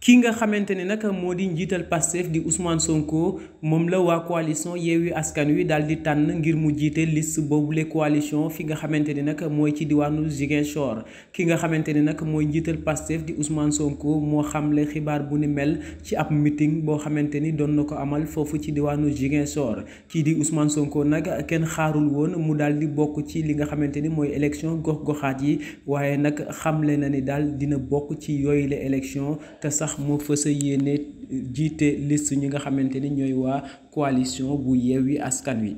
ki nga xamante ne nag moo di njiital Pastef di Ousmane Sonko moom la waa coalition Yewwi Askan Wi daal di tànn ngir mu jiite list boobule coalition fi nga xamante ne nag mooy ci diwaanu Ziguinchor ki nga xamante ne nag mooy njiital Pastef di Ousmane Sonko moo xamle xibaar bu ni mel ci ab meeting boo xamante ni doon na ko amal foofu ci diwaanu Ziguinchor kii di Ousmane Sonko nag kenn xaarul woon mu daal di bokk ci li nga xamante ni mooy élection gox-goxaat yi waaye nag xamle na ni daal dina bokk ci yooyu moo fës a yéene jiite liste ñi nga xamante ne ñooy waa coalition bu Yewwi Askan Wi